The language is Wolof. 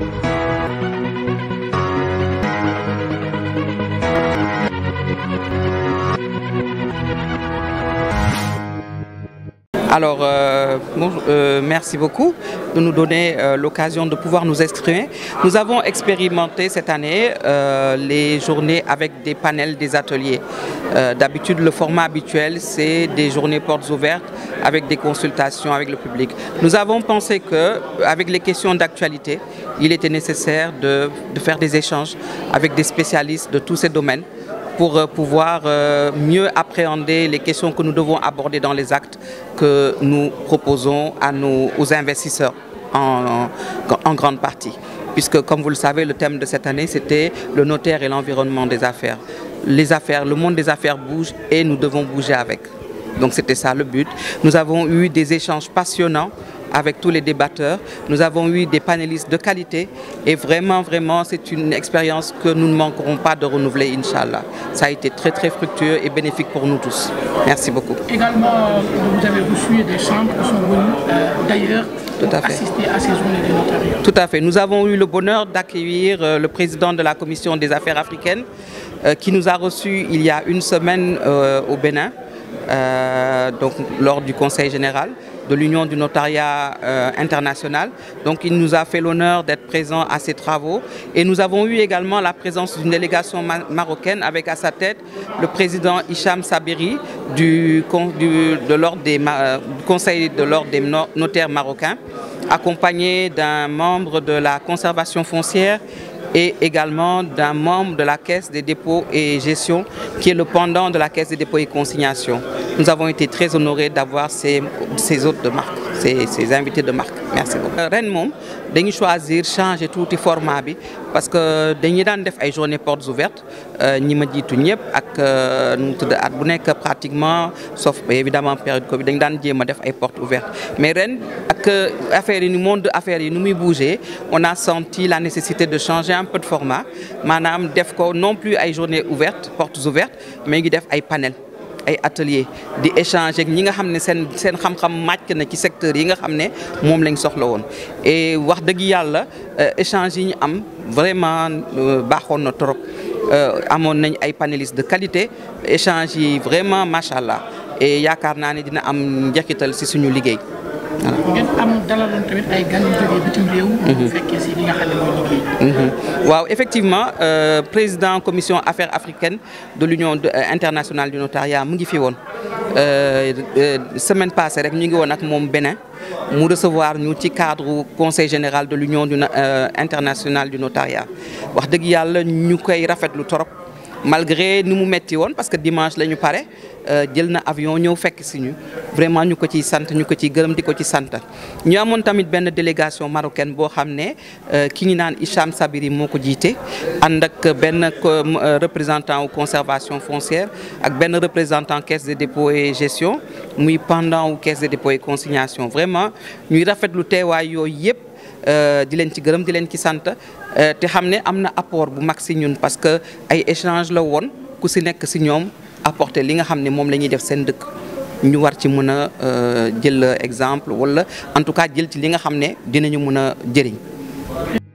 Thank you. Alors, euh, euh, merci beaucoup de nous donner euh, l'occasion de pouvoir nous exprimer. Nous avons expérimenté cette année euh, les journées avec des panels, des ateliers. Euh, d'habitude, le format habituel, c'est des journées portes ouvertes avec des consultations avec le public. Nous avons pensé que, avec les questions d'actualité, il était nécessaire de, de faire des échanges avec des spécialistes de tous ces domaines pour euh, pouvoir euh, mieux appréhender les questions que nous devons aborder dans les actes que nous proposons à nos, aux investisseurs en, en, en grande partie. Puisque, comme vous le savez, le thème de cette année, c'était le notaire et l'environnement des affaires. Les affaires, le monde des affaires bouge et nous devons bouger avec. Donc c'était ça le but. Nous avons eu des échanges passionnants avec tous les débatteurs. Nous avons eu des panélistes de qualité et vraiment, vraiment, c'est une expérience que nous ne manquerons pas de renouveler, Inch'Allah. Ça a été très, fructueux et bénéfique pour nous tous. Également, vous avez reçu des chambres qui euh, à fait. à ces Nous avons eu le bonheur d'accueillir euh, le président de la Commission des affaires africaines euh, qui nous a reçus il y a une semaine euh, au Bénin, euh, lors du Conseil général. de l'Union du Notariat euh, International. Donc il nous a fait l'honneur d'être présent à ces travaux. Et nous avons eu également la présence d'une délégation ma marocaine avec à sa tête le président Hicham Saberi du, du de des, euh, Conseil de l'Ordre des Notaires marocains, accompagné d'un membre de la conservation foncière et également d'un membre de la Caisse des dépôts et gestion qui est le pendant de la Caisse des dépôts et consignations. Nous avons été très honorés d'avoir ces, ces hôtes de marque. ces ces invités de marque merci beaucoup. Euh, ren moom dañu choisir changer tuuti format bi parce que dañuy daan def ay journée portes ouvertes euh, ñi ma jiitu ñëpp ak euh, nu mu tudd at bu nekk pratiquement sauf évidemment période Covid dañu daan jéem a def ay portes ouvertes mais ren ak affaire yi ni monde affaire yi nu muy bouger on a senti la nécessité de changer un peu de format maanaam def ko non plus ay journées ouvertes portes ouvertes mais ngi def ay panels. ay atelier di échanger ñi nga xam ne seen seen xam-xam màcc na ci secteur yi nga xam ne moom lañ soxla woon e wax dëgg yàlla euh, échange yi ñu am vraiment euh, baaxoon na trop euh, amoon nañ ay panélistes de qualité échange yi vraiment macha allah et yaakaar naa ne dina am njaxital si suñu liggéey. ngeen am mhm. mhm. waaw effectivement euh, président commission affaires africaines de l'union euh, internationale du notariat mu ngi fi woon euh, euh, semaine passé rek ñu ngi woon ak moom Bénin mu recevoir ñu ci cadre conseil général de l'union du euh, internationale du notariat wax dëgg yàlla ñu koy rafetlu torop. malgré ni mu metti woon parce que dimanche la ñu pare euh, jël na avion ñëw fekk si ñu vraiment ñu ko ciy sant ñu ko ci gërëm di ko ci sant ñu amoon tamit benn délégation marocaine boo xam ne euh, ki ñu naan Hicham Sabiri moo ko jiite ànd ak benn euh, représentant wu conservation foncière ak benn représentant caisse de dépôt et gestion muy pendant wu caisse de dépôt et consignation vraiment ñuy rafetlu teewaay yooyu yëpp. Euh, di leen ci gërëm di leen ci sant euh, te xam ne am na apport bu mag si ñun parce que ay échange la woon ku si nekk si ñoom apporter li nga xam ne moom la ñuy def seen dëkk ñu war ci mën a euh, jël exemple wala en tout cas jël ci li nga xam ne dinañu mën a jëriñ